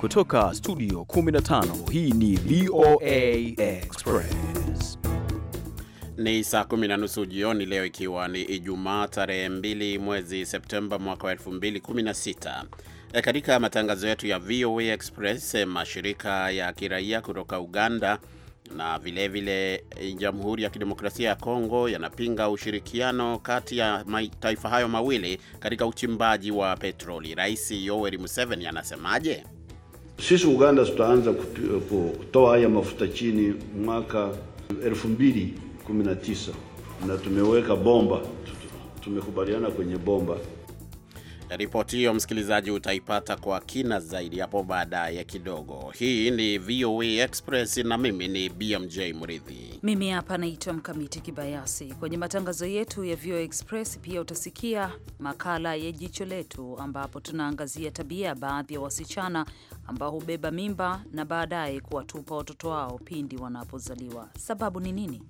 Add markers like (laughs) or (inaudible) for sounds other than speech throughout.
Kutoka studio 15 hii ni VOA Express. Ni saa kumi na nusu jioni leo, ikiwa ni Ijumaa tarehe 2 mwezi Septemba mwaka 2016. E, katika matangazo yetu ya VOA Express, e, mashirika ya kiraia kutoka Uganda na vilevile Jamhuri ya Kidemokrasia ya Kongo yanapinga ushirikiano kati ya mataifa hayo mawili katika uchimbaji wa petroli. Rais Yoweri Museveni anasemaje? Sisi Uganda tutaanza kutoa haya mafuta chini mwaka 2019 na tumeweka bomba, tumekubaliana kwenye bomba Ripoti hiyo msikilizaji, utaipata kwa kina zaidi hapo baadaye kidogo. Hii ni VOA Express na mimi ni BMJ Mridhi. Mimi hapa naitwa Mkamiti Kibayasi. Kwenye matangazo yetu ya VOA Express pia utasikia makala ya Jicho Letu, ambapo tunaangazia tabia ya baadhi ya wasichana ambao hubeba mimba na baadaye kuwatupa watoto wao pindi wanapozaliwa. Sababu ni nini?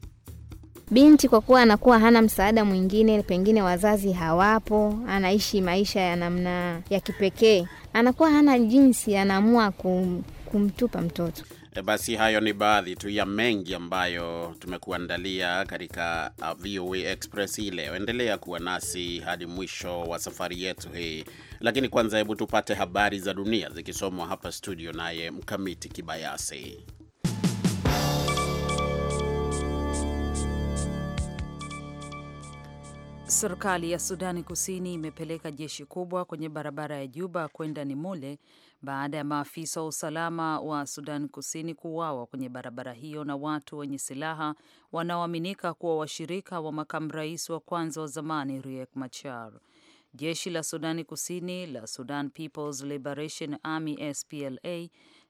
Binti kwa kuwa anakuwa hana msaada mwingine, pengine wazazi hawapo, anaishi maisha ya namna ya kipekee, anakuwa hana jinsi, anaamua kum, kumtupa mtoto. E, basi hayo ni baadhi tu ya mengi ambayo tumekuandalia katika uh, VOA Express hii leo. Endelea kuwa nasi hadi mwisho wa safari yetu hii, lakini kwanza, hebu tupate habari za dunia zikisomwa hapa studio naye Mkamiti Kibayasi. Serikali ya Sudani Kusini imepeleka jeshi kubwa kwenye barabara ya Juba kwenda Nimule baada ya maafisa wa usalama wa Sudan Kusini kuuawa kwenye barabara hiyo na watu wenye silaha wanaoaminika kuwa washirika wa makamu rais wa kwanza wa zamani Riek Machar. Jeshi la Sudani Kusini la Sudan People's Liberation Army SPLA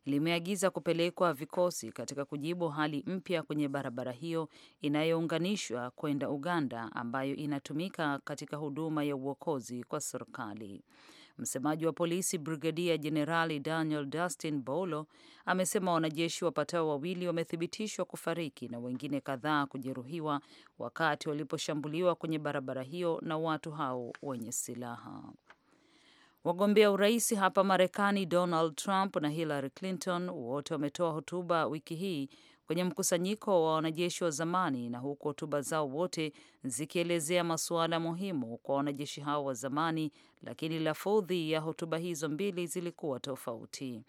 limeagiza kupelekwa vikosi katika kujibu hali mpya kwenye barabara hiyo inayounganishwa kwenda Uganda ambayo inatumika katika huduma ya uokozi kwa serikali. Msemaji wa polisi Brigadia Jenerali Daniel Dustin Bolo amesema wanajeshi wapatao wawili wamethibitishwa kufariki na wengine kadhaa kujeruhiwa wakati waliposhambuliwa kwenye barabara hiyo na watu hao wenye silaha. Wagombea urais hapa Marekani, Donald Trump na Hillary Clinton, wote wametoa hotuba wiki hii kwenye mkusanyiko wa wanajeshi wa zamani, na huku hotuba zao wote zikielezea masuala muhimu kwa wanajeshi hao wa zamani, lakini lafudhi ya hotuba hizo mbili zilikuwa tofauti.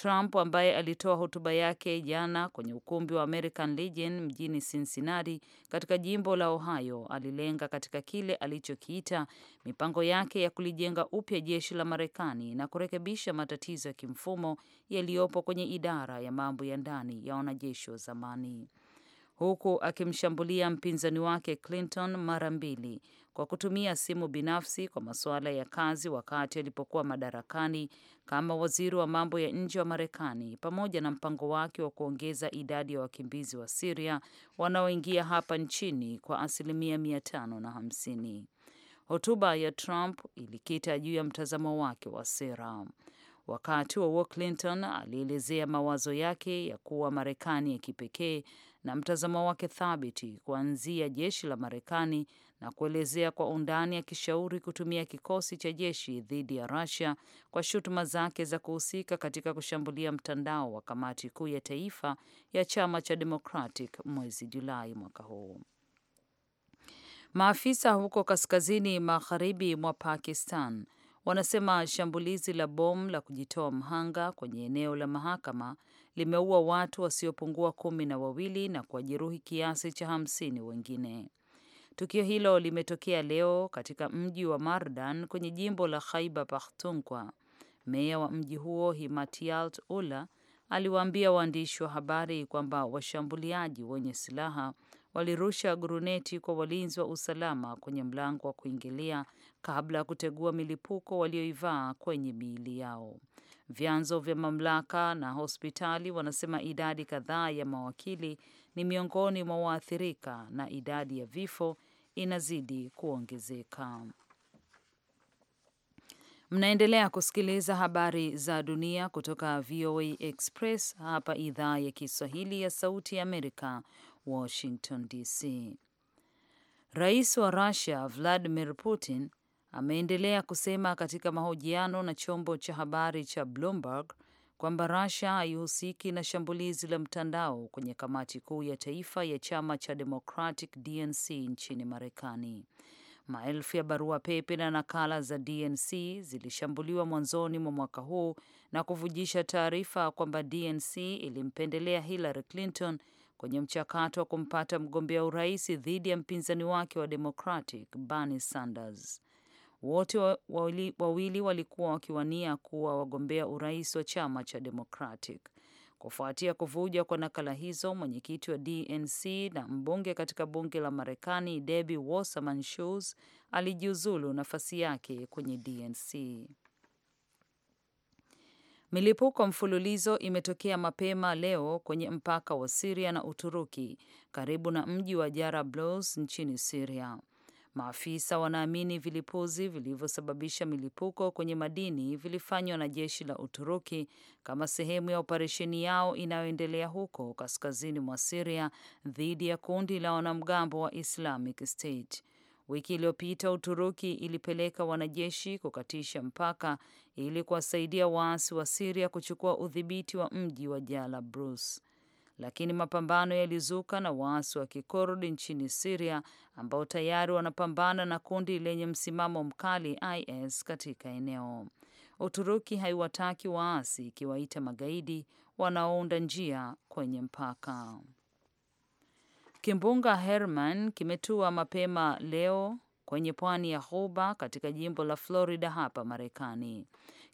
Trump ambaye alitoa hotuba yake jana kwenye ukumbi wa American Legion mjini Cincinnati katika jimbo la Ohio alilenga katika kile alichokiita mipango yake ya kulijenga upya jeshi la Marekani na kurekebisha matatizo ya kimfumo yaliyopo kwenye idara ya mambo ya ndani ya wanajeshi wa zamani huku akimshambulia mpinzani wake Clinton mara mbili kwa kutumia simu binafsi kwa masuala ya kazi wakati alipokuwa madarakani kama waziri wa mambo ya nje wa Marekani, pamoja na mpango wake wa kuongeza idadi ya wakimbizi wa Siria wanaoingia hapa nchini kwa asilimia mia tano na hamsini. Hotuba ya Trump ilikita juu ya mtazamo wake wa sera. Wakati wa huo, Clinton alielezea mawazo yake ya kuwa Marekani ya kipekee na mtazamo wake thabiti kuanzia jeshi la Marekani na kuelezea kwa undani, akishauri kutumia kikosi cha jeshi dhidi ya Russia kwa shutuma zake za kuhusika katika kushambulia mtandao wa kamati kuu ya taifa ya chama cha Democratic mwezi Julai mwaka huu. Maafisa huko kaskazini magharibi mwa Pakistan wanasema shambulizi la bomu la kujitoa mhanga kwenye eneo la mahakama limeua watu wasiopungua kumi na wawili na kuwajeruhi kiasi cha hamsini wengine. Tukio hilo limetokea leo katika mji wa Mardan kwenye jimbo la Khaiba Pakhtunkwa. Meya wa mji huo Himatialt Ula aliwaambia waandishi wa habari kwamba washambuliaji wenye silaha walirusha guruneti kwa walinzi wa usalama kwenye mlango wa kuingilia kabla ya kutegua milipuko walioivaa kwenye miili yao. Vyanzo vya mamlaka na hospitali wanasema idadi kadhaa ya mawakili ni miongoni mwa waathirika na idadi ya vifo inazidi kuongezeka. Mnaendelea kusikiliza habari za dunia kutoka VOA Express hapa idhaa ya Kiswahili ya Sauti ya Amerika, Washington DC. Rais wa Russia Vladimir Putin Ameendelea kusema katika mahojiano na chombo cha habari cha Bloomberg kwamba Russia haihusiki na shambulizi la mtandao kwenye kamati kuu ya taifa ya chama cha Democratic DNC nchini Marekani. Maelfu ya barua pepe na nakala za DNC zilishambuliwa mwanzoni mwa mwaka huu na kuvujisha taarifa kwamba DNC ilimpendelea Hillary Clinton kwenye mchakato wa kumpata mgombea urais dhidi ya mpinzani wake wa Democratic Bernie Sanders. Wote wawili, wawili walikuwa wakiwania kuwa wagombea urais wa chama cha Democratic. Kufuatia kuvuja kwa nakala hizo, mwenyekiti wa DNC na mbunge katika bunge la Marekani Debbie Wasserman Schultz alijiuzulu nafasi yake kwenye DNC. Milipuko mfululizo imetokea mapema leo kwenye mpaka wa Siria na Uturuki karibu na mji wa Jarablus nchini Siria. Maafisa wanaamini vilipuzi vilivyosababisha milipuko kwenye madini vilifanywa na jeshi la Uturuki kama sehemu ya operesheni yao inayoendelea huko kaskazini mwa Siria dhidi ya kundi la wanamgambo wa Islamic State. Wiki iliyopita Uturuki ilipeleka wanajeshi kukatisha mpaka ili kuwasaidia waasi wa Siria kuchukua udhibiti wa mji wa Jala Bruce lakini mapambano yalizuka na waasi wa Kikurdi nchini Siria ambao tayari wanapambana na kundi lenye msimamo mkali IS katika eneo. Uturuki haiwataki waasi ikiwaita magaidi wanaounda njia kwenye mpaka. Kimbunga Herman kimetua mapema leo kwenye pwani ya Ghuba katika jimbo la Florida hapa Marekani.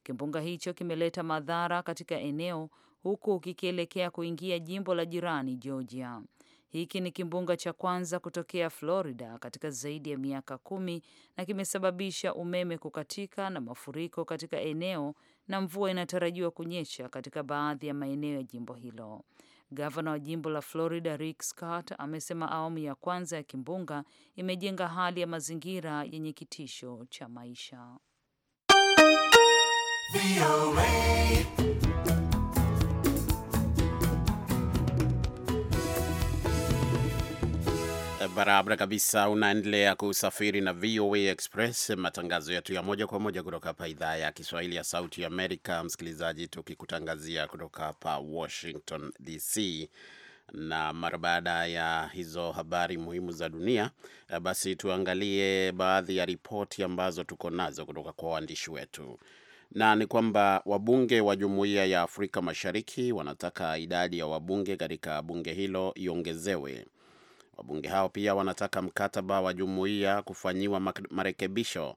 Kimbunga hicho kimeleta madhara katika eneo huku kikielekea kuingia jimbo la jirani Georgia. Hiki ni kimbunga cha kwanza kutokea Florida katika zaidi ya miaka kumi na kimesababisha umeme kukatika na mafuriko katika eneo na mvua inatarajiwa kunyesha katika baadhi ya maeneo ya jimbo hilo. Gavana wa jimbo la Florida Rick Scott amesema awamu ya kwanza ya kimbunga imejenga hali ya mazingira yenye kitisho cha maisha. barabara kabisa. Unaendelea kusafiri na VOA Express, matangazo yetu ya moja kwa moja kutoka hapa idhaa ya Kiswahili ya Sauti ya Amerika. Msikilizaji, tukikutangazia kutoka hapa Washington DC na mara baada ya hizo habari muhimu za dunia, eh, basi tuangalie baadhi ya ripoti ambazo tuko nazo kutoka kwa waandishi wetu, na ni kwamba wabunge wa Jumuiya ya Afrika Mashariki wanataka idadi ya wabunge katika bunge hilo iongezewe. Wabunge hao pia wanataka mkataba wa jumuiya kufanyiwa marekebisho,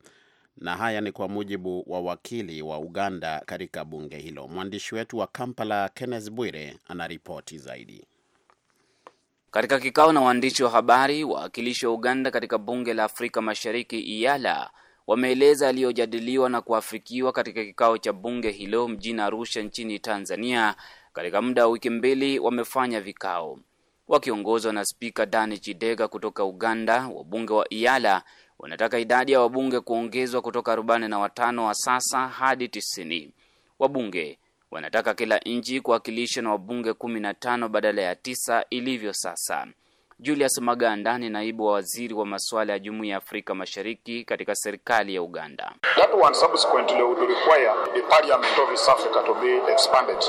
na haya ni kwa mujibu wa wakili wa Uganda katika bunge hilo. Mwandishi wetu wa Kampala, Kenneth Bwire, anaripoti zaidi. Katika kikao na waandishi wa habari, wawakilishi wa Uganda katika bunge la Afrika Mashariki IALA wameeleza yaliyojadiliwa na kuafikiwa katika kikao cha bunge hilo mjini Arusha nchini Tanzania. Katika muda wa wiki mbili wamefanya vikao wakiongozwa na spika Dani Chidega kutoka Uganda. Wabunge wa iala wanataka idadi ya wabunge kuongezwa kutoka 45 wa sasa hadi 90 Wabunge wanataka kila nchi kuwakilisha na wabunge 15 badala ya tisa ilivyo sasa. Julius Maganda ni naibu wa waziri wa masuala ya Jumuiya ya Afrika Mashariki katika serikali ya Uganda.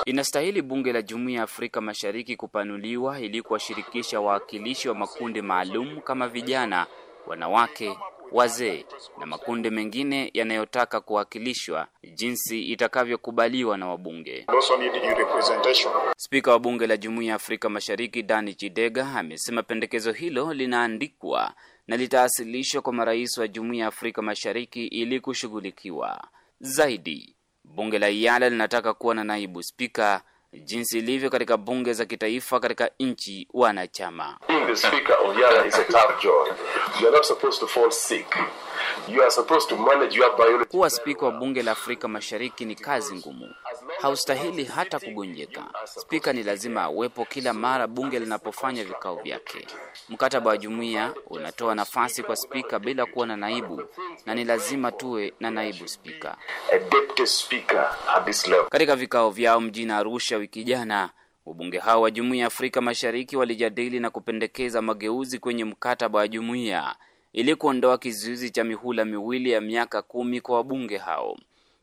Inastahili bunge la Jumuiya ya Afrika Mashariki kupanuliwa ili kuwashirikisha wawakilishi wa makundi maalum kama vijana, wanawake wazee na makundi mengine yanayotaka kuwakilishwa jinsi itakavyokubaliwa na wabunge. Spika wa bunge la Jumuiya ya Afrika Mashariki Dani Chidega amesema pendekezo hilo linaandikwa na litawasilishwa kwa marais wa Jumuiya ya Afrika Mashariki ili kushughulikiwa zaidi. Bunge la Iala linataka kuwa na naibu spika jinsi ilivyo katika bunge za kitaifa katika nchi wanachama. Kuwa spika wa bunge la Afrika Mashariki ni kazi ngumu, haustahili hata kugunjika. Spika ni lazima awepo kila mara bunge linapofanya vikao vyake. Mkataba wa jumuiya unatoa nafasi kwa spika bila kuwa na naibu, na ni lazima tuwe na naibu spika. Katika vikao vyao mjini Arusha wiki jana, wabunge hao wa jumuiya ya Afrika Mashariki walijadili na kupendekeza mageuzi kwenye mkataba wa jumuiya ili kuondoa kizuizi cha mihula miwili ya miaka kumi kwa wabunge hao.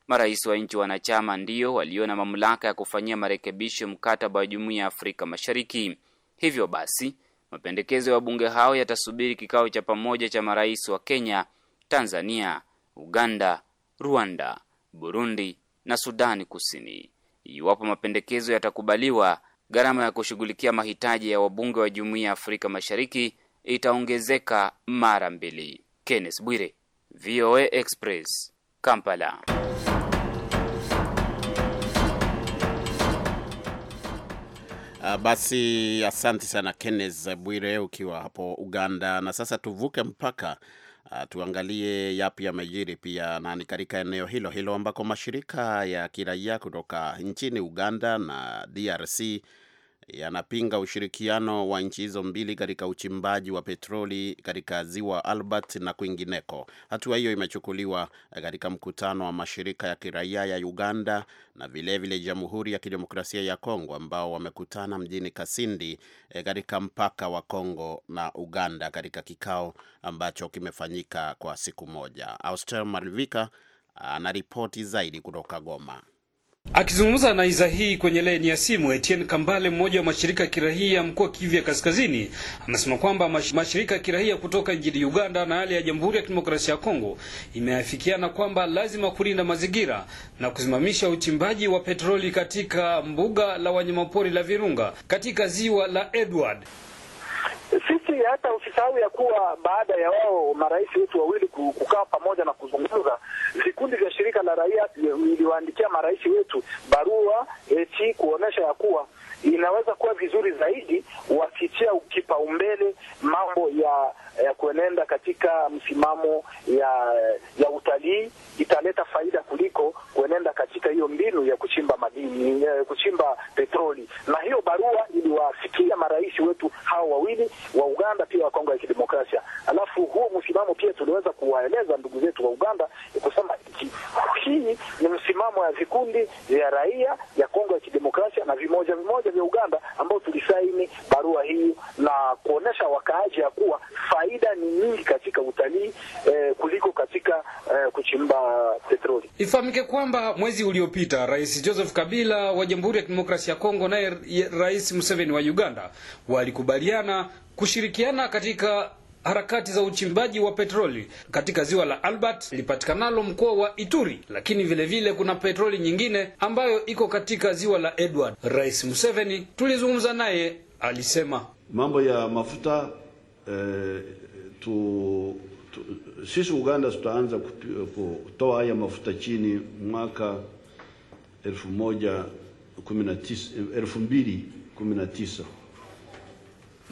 Marais wa nchi wanachama ndio walio na mamlaka ya kufanyia marekebisho mkataba wa Jumuiya ya Afrika Mashariki. Hivyo basi, mapendekezo ya wabunge hao yatasubiri kikao cha pamoja cha marais wa Kenya, Tanzania, Uganda, Rwanda, Burundi na Sudani Kusini. Iwapo mapendekezo yatakubaliwa, gharama ya kushughulikia mahitaji ya wabunge wa Jumuiya ya Afrika Mashariki itaongezeka mara mbili. Kenneth Bwire, VOA Express, Kampala. Uh, basi asante sana Kenneth Bwire ukiwa hapo Uganda. Na sasa tuvuke mpaka uh, tuangalie yapi yamejiri pia na ni katika eneo hilo hilo ambako mashirika ya kiraia kutoka nchini Uganda na DRC yanapinga ushirikiano wa nchi hizo mbili katika uchimbaji wa petroli katika ziwa Albert na kwingineko. Hatua hiyo imechukuliwa katika mkutano wa mashirika ya kiraia ya Uganda na vilevile Jamhuri ya Kidemokrasia ya Kongo ambao wamekutana mjini Kasindi eh, katika mpaka wa Kongo na Uganda katika kikao ambacho kimefanyika kwa siku moja. Austel Malvika anaripoti zaidi kutoka Goma. Akizungumza na iza hii kwenye laini ya simu, Etienne Kambale, mmoja wa mashirika ya kirahia mkoa Kivu ya Kaskazini, anasema kwamba mashirika ya kirahia kutoka nchini Uganda na yale ya Jamhuri ya Kidemokrasia ya Kongo imeafikiana kwamba lazima kulinda mazingira na kusimamisha uchimbaji wa petroli katika mbuga la wanyamapori la Virunga katika ziwa la Edward. Lakini hata usisahau ya kuwa baada ya wao marais wetu wawili kukaa pamoja na kuzungumza, vikundi vya shirika la raia viliwaandikia marais wetu barua eti kuonesha ya kuwa inaweza kuwa vizuri zaidi wakitia kipaumbele mambo ya, ya kuenenda katika msimamo ya, ya utalii, italeta faida kuliko kuenenda katika hiyo mbinu ya kuchimba madini, ya kuchimba petroli. Na hiyo barua iliwafikia marais wetu hawa wawili wa Uganda pia wa Kongo ya Kidemokrasia. Alafu huo msimamo pia tuliweza kuwaeleza ndugu zetu wa Uganda kusema haki. Hii ni msimamo wa vikundi vya raia ya Kongo ya Kidemokrasia na vimoja vimoja vya Uganda ambao tulisaini barua hii na kuonesha wakaaji ya kuwa faida ni nyingi katika utalii eh, kuliko katika eh, kuchimba petroli. Ifahamike kwamba mwezi uliopita Rais Joseph Kabila wa Jamhuri ya Kidemokrasia ya Kongo naye Rais Museveni wa Uganda walikubaliana kushirikiana katika harakati za uchimbaji wa petroli katika ziwa la Albert lipatikanalo mkoa wa Ituri, lakini vile vile kuna petroli nyingine ambayo iko katika ziwa la Edward. Rais Museveni tulizungumza naye, alisema mambo ya mafuta eh, tu, tu, sisi Uganda tutaanza kutoa haya mafuta chini mwaka elfu moja kumi na tisa, elfu mbili kumi na tisa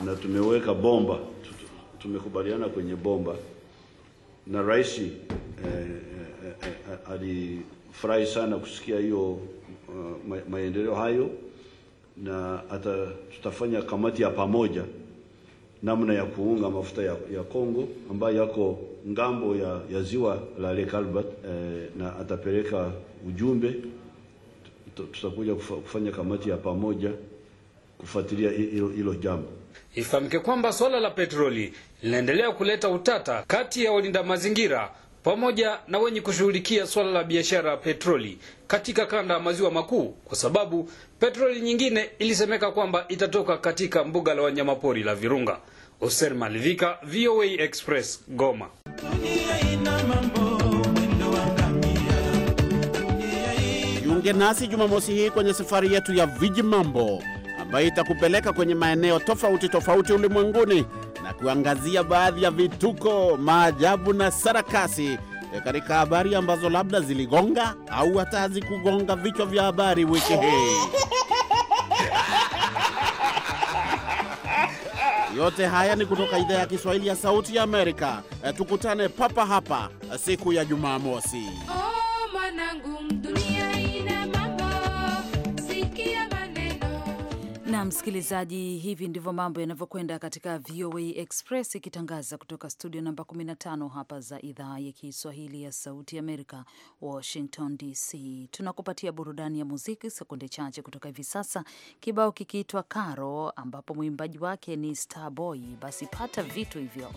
na tumeweka bomba tumekubaliana kwenye bomba na rais eh, eh, eh alifurahi sana kusikia hiyo uh, maendeleo hayo, na hata tutafanya kamati ya pamoja namna ya kuunga mafuta ya, ya Kongo ambayo yako ngambo ya, ya ziwa la Lake Albert eh, na atapeleka ujumbe. Tutakuja kufanya kamati ya pamoja kufuatilia hilo jambo. Ifahamike kwamba swala la petroli linaendelea kuleta utata kati ya walinda mazingira pamoja na wenye kushughulikia swala la biashara ya petroli katika kanda ya maziwa makuu, kwa sababu petroli nyingine ilisemeka kwamba itatoka katika mbuga la wanyamapori la Virunga. Oser Malivika, VOA Express, Goma. Jiunge nasi Jumamosi hii kwenye safari yetu ya vijimambo ambayo itakupeleka kwenye maeneo tofauti tofauti ulimwenguni na kuangazia baadhi ya vituko, maajabu na sarakasi e, katika habari ambazo labda ziligonga au hata hazikugonga vichwa vya habari wiki hii. Yote haya ni kutoka idhaa ya Kiswahili ya Sauti ya Amerika. E, tukutane papa hapa siku ya Jumamosi. Oh, na msikilizaji, hivi ndivyo mambo yanavyokwenda katika VOA Express ikitangaza kutoka studio namba 15 hapa za idhaa ya Kiswahili ya Sauti Amerika, Washington DC. Tunakupatia burudani ya muziki sekunde chache kutoka hivi sasa, kibao kikiitwa Karo ambapo mwimbaji wake ni Starboy. Basi pata vitu hivyo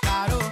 Karo.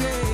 okay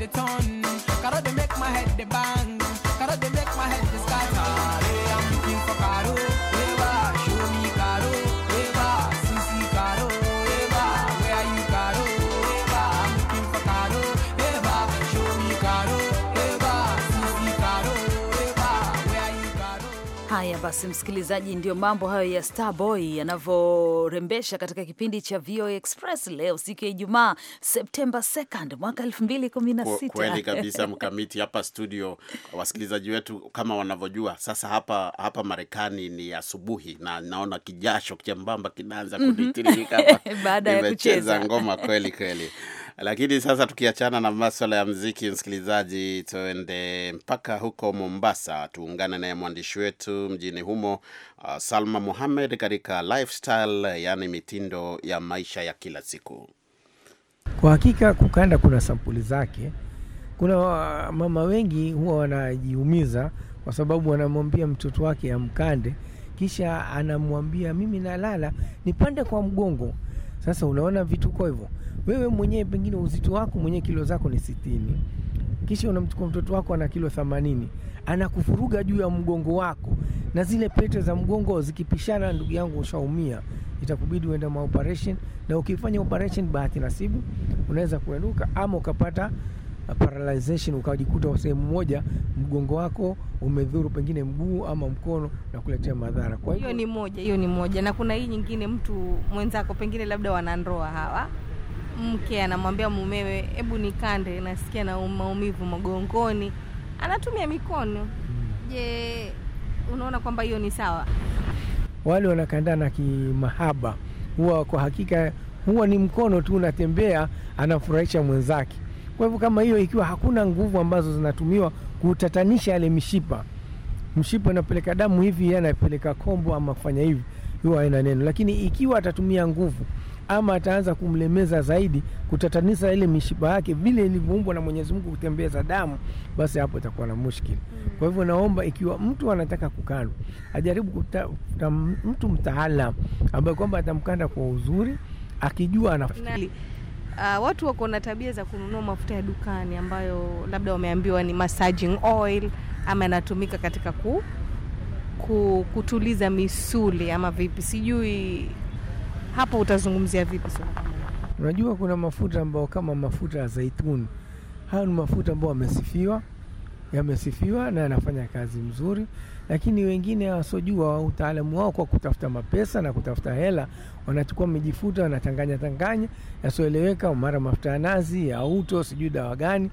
the ton. Cause they make my head the bang. Basi msikilizaji, ndio mambo hayo ya Starboy yanavyorembesha katika kipindi cha VOA Express leo siku ya Ijumaa, Septemba 2nd mwaka 2016. Kweli kabisa (laughs) mkamiti hapa studio. Wasikilizaji wetu kama wanavyojua sasa, hapa hapa Marekani ni asubuhi, na naona kijasho chembamba kinaanza mhm. kunitiririka (laughs) baada ya kucheza ngoma kweli kweli lakini sasa tukiachana na maswala ya mziki, msikilizaji, tuende mpaka huko Mombasa, tuungane naye mwandishi wetu mjini humo uh, Salma muhamed katika lifestyle, yaani mitindo ya maisha ya kila siku. Kwa hakika kukanda kuna sampuli zake. Kuna uh, mama wengi huwa wanajiumiza kwa sababu wanamwambia mtoto wake amkande, kisha anamwambia mimi nalala nipande kwa mgongo sasa unaona vitu kwa hivyo, wewe mwenyewe pengine uzito wako mwenyewe kilo zako ni sitini, kisha unamchukua mtoto wako ana kilo themanini, anakufuruga juu ya mgongo wako, na zile pete za mgongo zikipishana, ndugu yangu, ushaumia, itakubidi uende maoperation, na ukifanya operation bahati nasibu unaweza kuenuka ama ukapata paralyzation, ukajikuta sehemu moja mgongo wako umedhuru pengine mguu ama mkono na kuletea madhara. Kwa hiyo ni moja, hiyo ni moja, na kuna hii nyingine, mtu mwenzako pengine labda wanandoa hawa mke anamwambia mumewe, hebu nikande, nasikia na um, maumivu magongoni anatumia mikono. Hmm. Je, unaona kwamba hiyo ni sawa? Wale wanakandana kimahaba, huwa kwa hakika huwa ni mkono tu unatembea, anafurahisha mwenzake. Kwa hivyo kama hiyo ikiwa hakuna nguvu ambazo zinatumiwa kutatanisha yale mishipa, mshipa inapeleka damu hivi, anapeleka kombo ama kufanya hivi, hiyo haina neno. Lakini ikiwa atatumia nguvu ama ataanza kumlemeza zaidi, kutatanisha ile mishipa yake vile ilivyoumbwa na Mwenyezi Mungu kutembeza damu, basi hapo itakuwa na mushkili. Mm. Kwa hivyo naomba, ikiwa mtu anataka kukandwa, ajaribu kutafuta mtu mtaalam ambaye kwamba atamkanda kwa uzuri akijua anafanya Uh, watu wako na tabia za kununua mafuta ya dukani ambayo labda wameambiwa ni massaging oil ama yanatumika katika ku, ku, kutuliza misuli ama vipi, sijui hapo utazungumzia vipi sana. Unajua kuna mafuta ambayo kama mafuta ya zaituni, haya ni mafuta ambayo wamesifiwa yamesifiwa na yanafanya kazi mzuri, lakini wengine wasiojua utaalamu wao kwa kutafuta mapesa na kutafuta hela, wanachukua mijifuta, wanatanganya tanganya yasioeleweka, mara mafuta ya nazi ya uto, sijui dawa gani,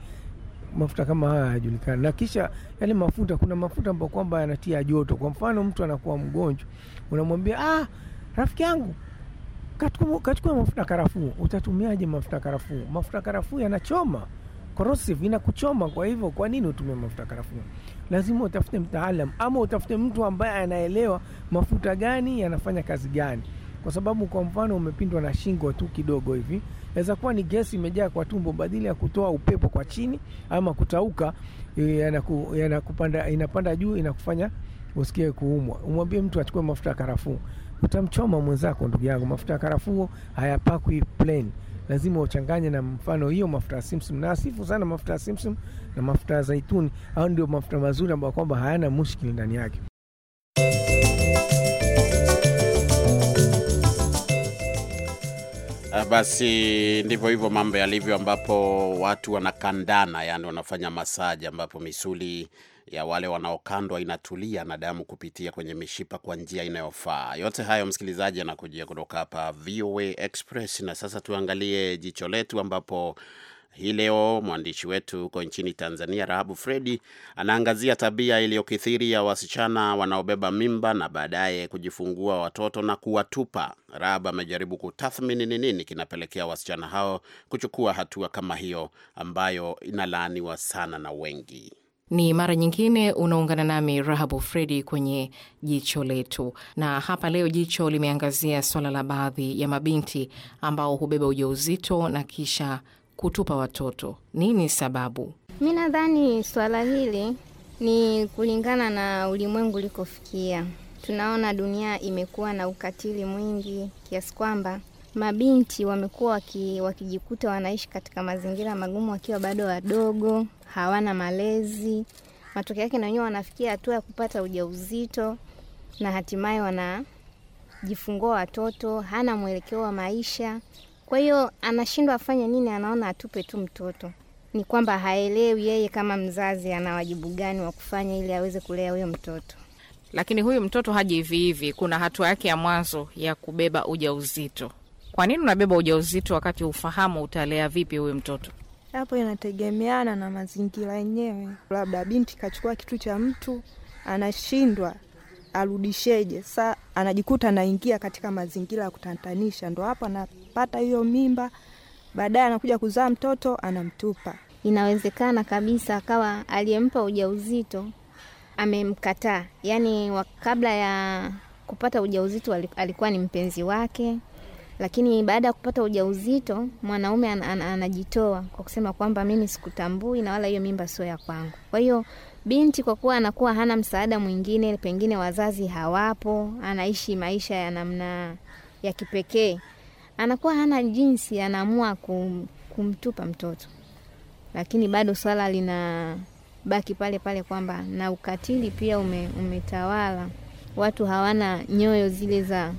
mafuta kama haya hayajulikani. Na kisha yale mafuta, kuna mafuta ambayo kwamba yanatia joto. Kwa mfano, mtu anakuwa mgonjwa, unamwambia ah, rafiki yangu kachukua mafuta karafuu. Utatumiaje mafuta karafuu? Mafuta karafuu yanachoma corrosive, inakuchoma. Kwa hivyo kwa nini utumie mafuta ya karafuu? Lazima utafute mtaalam ama utafute mtu ambaye anaelewa mafuta gani yanafanya kazi gani, kwa sababu kwa mfano umepindwa na shingo tu kidogo hivi, inaweza kuwa ni gesi imejaa kwa tumbo, badala ya kutoa upepo kwa chini ama kutauka, e, yanaku, yanakupanda, inapanda juu, inakufanya usikie kuumwa. Umwambie mtu achukue mafuta ya karafuu, utamchoma mwenzako. Ndugu yangu, mafuta ya karafuu hayapakwi plain lazima uchanganye na mfano hiyo mafuta ya simsim, na asifu sana mafuta ya simsim na mafuta ya zaituni. Au ndio mafuta mazuri ambayo kwamba hayana mushkili ndani yake. Ah, basi ndivyo hivyo mambo yalivyo, ambapo watu wanakandana, yani wanafanya masaji, ambapo misuli ya wale wanaokandwa inatulia na damu kupitia kwenye mishipa kwa njia inayofaa. Yote hayo, msikilizaji, anakujia kutoka hapa VOA Express. Na sasa tuangalie jicho letu, ambapo hii leo mwandishi wetu huko nchini Tanzania, Rahabu Fredi, anaangazia tabia iliyokithiri ya wasichana wanaobeba mimba na baadaye kujifungua watoto na kuwatupa. Rahabu amejaribu kutathmini ni nini kinapelekea wasichana hao kuchukua hatua kama hiyo ambayo inalaaniwa sana na wengi. Ni mara nyingine unaungana nami Rahabu Fredi kwenye jicho letu, na hapa leo jicho limeangazia swala la baadhi ya mabinti ambao hubeba ujauzito na kisha kutupa watoto. Nini sababu? Mi nadhani swala hili ni kulingana na ulimwengu ulikofikia. Tunaona dunia imekuwa na ukatili mwingi kiasi kwamba mabinti wamekuwa wakijikuta wanaishi katika mazingira magumu wakiwa bado wadogo hawana malezi. Matokeo yake na wenyewe wanafikia hatua ya kupata ujauzito na hatimaye wanajifungua watoto, hana mwelekeo wa maisha. Kwa hiyo anashindwa afanye nini, anaona atupe tu mtoto. Ni kwamba haelewi yeye kama mzazi ana wajibu gani wa kufanya ili aweze kulea huyo mtoto. Lakini huyu mtoto haji hivi hivi, kuna hatua yake ya mwanzo ya kubeba ujauzito. Kwa nini unabeba ujauzito wakati ufahamu utalea vipi huyu mtoto? Hapo inategemeana na mazingira yenyewe, labda binti kachukua kitu cha mtu anashindwa arudisheje, sa anajikuta anaingia katika mazingira ya kutatanisha, ndo hapo anapata hiyo mimba, baadaye anakuja kuzaa mtoto anamtupa. Inawezekana kabisa akawa aliyempa ujauzito amemkataa, yaani kabla ya kupata ujauzito alikuwa ni mpenzi wake lakini baada ya kupata ujauzito mwanaume an, an, anajitoa kwa kusema kwamba mimi sikutambui na wala hiyo mimba sio ya kwangu. Kwa hiyo binti kwa kuwa anakuwa hana msaada mwingine, pengine wazazi hawapo, anaishi maisha ya namna ya kipekee, anakuwa hana jinsi, anaamua kum, kumtupa mtoto, lakini bado swala baki pale pale kwamba na ukatili pia ume, umetawala. Watu hawana nyoyo zile za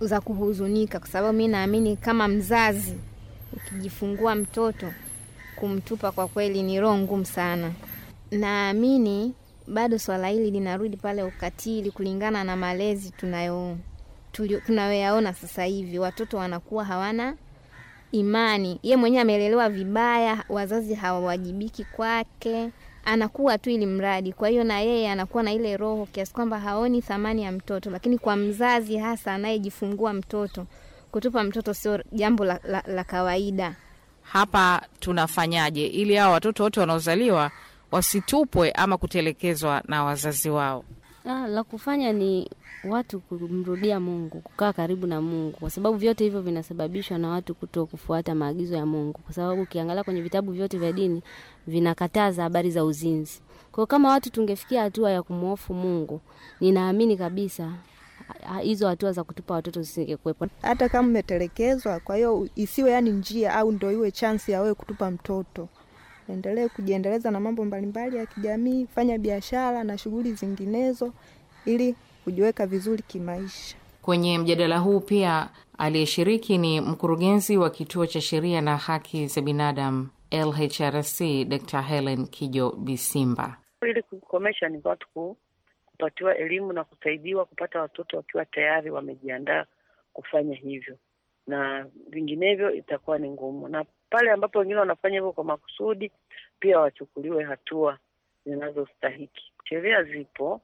za kuhuzunika, kwa sababu mi naamini kama mzazi ukijifungua mtoto kumtupa kwa kweli ni roho ngumu sana. Naamini bado swala hili linarudi pale ukatili, kulingana na malezi tunayo tunayoyaona sasa hivi. Watoto wanakuwa hawana imani, ye mwenyewe amelelewa vibaya, wazazi hawawajibiki kwake, anakuwa tu ili mradi. Kwa hiyo na yeye anakuwa na ile roho kiasi kwamba haoni thamani ya mtoto, lakini kwa mzazi hasa anayejifungua mtoto, kutupa mtoto sio jambo la, la, la kawaida. Hapa tunafanyaje ili hawa watoto wote wanaozaliwa wasitupwe ama kutelekezwa na wazazi wao? Ah, la kufanya ni watu kumrudia Mungu, kukaa karibu na Mungu, kwa sababu vyote hivyo vinasababishwa na watu kuto kufuata maagizo ya Mungu, kwa sababu ukiangalia kwenye vitabu vyote vya dini vinakataza habari za uzinzi. Kwa kama watu tungefikia hatua ya kumhofu Mungu, ninaamini kabisa hizo hatua za kutupa watoto zisingekuwepo, hata kama umetelekezwa. Kwa hiyo isiwe yani njia au ndo iwe chansi ya wewe kutupa mtoto endelee kujiendeleza na mambo mbalimbali ya kijamii, fanya biashara na shughuli zinginezo ili kujiweka vizuri kimaisha. Kwenye mjadala huu pia aliyeshiriki ni mkurugenzi wa kituo cha sheria na haki za binadamu LHRC, Dr. Helen Kijo Bisimba. Ili kukomesha ni watu kupatiwa elimu na kusaidiwa kupata watoto wakiwa tayari wamejiandaa kufanya hivyo, na vinginevyo itakuwa ni ngumu. Na pale ambapo wengine wanafanya hivyo kwa makusudi, pia wachukuliwe hatua zinazostahiki. Sheria zipo.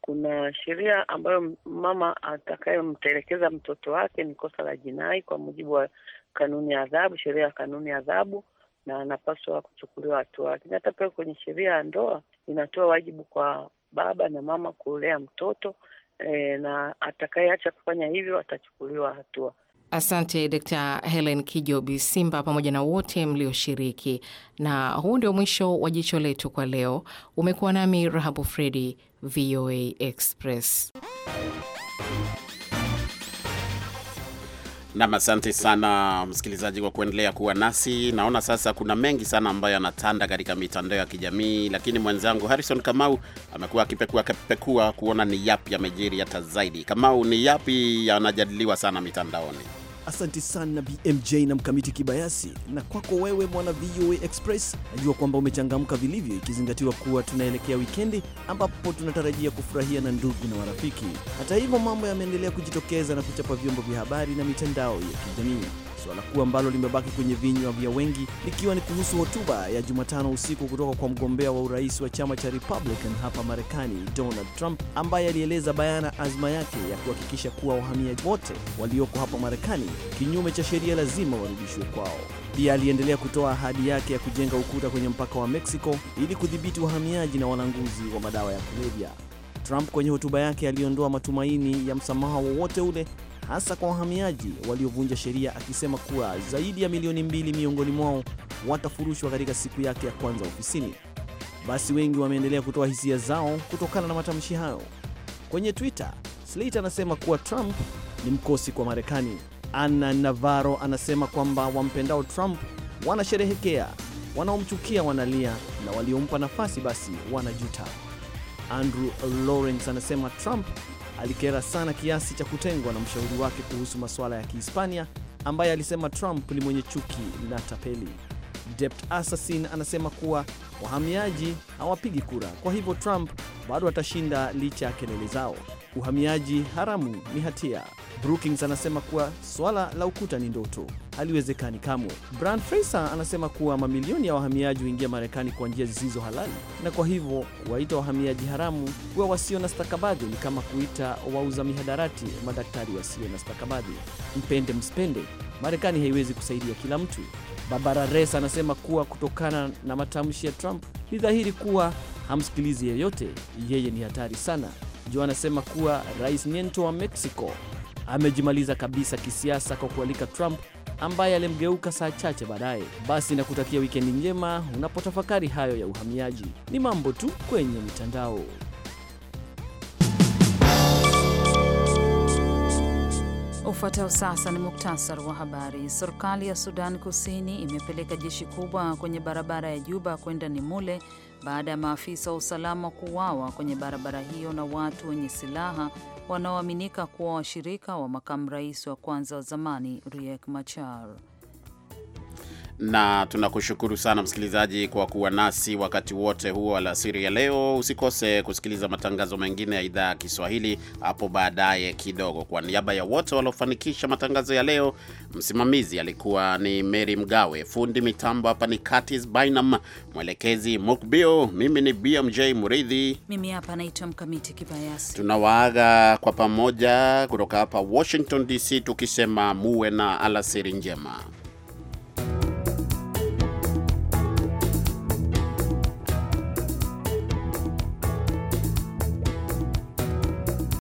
Kuna sheria ambayo mama atakayemtelekeza mtoto wake ni kosa la jinai kwa mujibu wa kanuni ya adhabu, sheria ya kanuni ya adhabu, na anapaswa kuchukuliwa hatua. Lakini hata pia kwenye sheria ya ndoa inatoa wajibu kwa baba na mama kulea mtoto e, na atakayeacha kufanya hivyo atachukuliwa hatua. Asante Dkt. Helen Kijobi Simba pamoja na wote mlioshiriki, na huu ndio mwisho wa jicho letu kwa leo. Umekuwa nami Rahabu Fredi, VOA Express nam. Asante sana msikilizaji kwa kuendelea kuwa nasi. Naona sasa kuna mengi sana ambayo yanatanda katika mitandao ya kijamii, lakini mwenzangu Harrison Kamau amekuwa akipekua pekua kuona ni yapi yamejiri hata zaidi. Kamau, ni yapi yanajadiliwa sana mitandaoni? Asante sana BMJ na mkamiti Kibayasi. Na kwako wewe mwana VOA Express, najua kwamba umechangamka vilivyo, ikizingatiwa kuwa tunaelekea wikendi ambapo tunatarajia kufurahia na ndugu na marafiki. Hata hivyo, mambo yameendelea kujitokeza na kuchapa vyombo vya habari na mitandao ya kijamii. Suala kuu ambalo limebaki kwenye vinywa vya wengi likiwa ni kuhusu hotuba ya Jumatano usiku kutoka kwa mgombea wa urais wa chama cha Republican hapa Marekani, Donald Trump, ambaye alieleza bayana azma yake ya kuhakikisha kuwa wahamiaji wote walioko hapa Marekani kinyume cha sheria lazima warudishwe kwao. Pia aliendelea kutoa ahadi yake ya kujenga ukuta kwenye mpaka wa Mexico ili kudhibiti wahamiaji na walanguzi wa madawa ya kulevya. Trump kwenye hotuba yake aliondoa matumaini ya msamaha wowote ule hasa kwa wahamiaji waliovunja sheria, akisema kuwa zaidi ya milioni mbili miongoni mwao watafurushwa katika siku yake ya kwanza ofisini. Basi wengi wameendelea kutoa hisia zao kutokana na matamshi hayo. Kwenye Twitter, Slate anasema kuwa Trump ni mkosi kwa Marekani. anna Navarro anasema kwamba wampendao Trump wanasherehekea, wanaomchukia wanalia, na waliompa nafasi basi wanajuta. Andrew Lawrence anasema Trump alikera sana kiasi cha kutengwa na mshauri wake kuhusu masuala ya Kihispania ambaye alisema Trump ni mwenye chuki na tapeli. Dept Assassin anasema kuwa wahamiaji hawapigi kura, kwa hivyo Trump bado atashinda licha ya kelele zao uhamiaji haramu ni hatia. Brookings anasema kuwa swala la ukuta ni ndoto, haliwezekani kamwe. Bran Fraser anasema kuwa mamilioni ya wahamiaji huingia Marekani kwa njia zisizo halali, na kwa hivyo kuwaita wahamiaji haramu kuwa wasio na stakabadhi ni kama kuita wauza mihadarati madaktari wasio na stakabadhi. Mpende mspende, Marekani haiwezi kusaidia kila mtu. Barbara res anasema kuwa kutokana na matamshi ya Trump ni dhahiri kuwa hamsikilizi yeyote, yeye ni hatari sana. Joe anasema kuwa Rais Nieto wa Mexico amejimaliza kabisa kisiasa kwa kualika Trump ambaye alimgeuka saa chache baadaye. Basi na kutakia wikendi njema unapotafakari hayo ya uhamiaji. Ni mambo tu kwenye mitandao. Ufuatao sasa ni muktasari wa habari. Serikali ya Sudan Kusini imepeleka jeshi kubwa kwenye barabara ya Juba kwenda Nimule baada ya maafisa wa usalama kuuawa kwenye barabara hiyo na watu wenye silaha wanaoaminika kuwa washirika wa makamu rais wa kwanza wa zamani Riek Machar na tunakushukuru sana msikilizaji kwa kuwa nasi wakati wote huo alasiri ya leo. Usikose kusikiliza matangazo mengine ya idhaa ya Kiswahili hapo baadaye kidogo. Kwa niaba ya wote waliofanikisha matangazo ya leo, msimamizi alikuwa ni Mary Mgawe, fundi mitambo hapa ni Curtis Bynum, mwelekezi Mukbio, mimi ni BMJ Muridhi, mimi hapa naitwa Mkamiti Kibayasi. Tunawaaga kwa pamoja kutoka hapa Washington DC tukisema muwe na alasiri njema.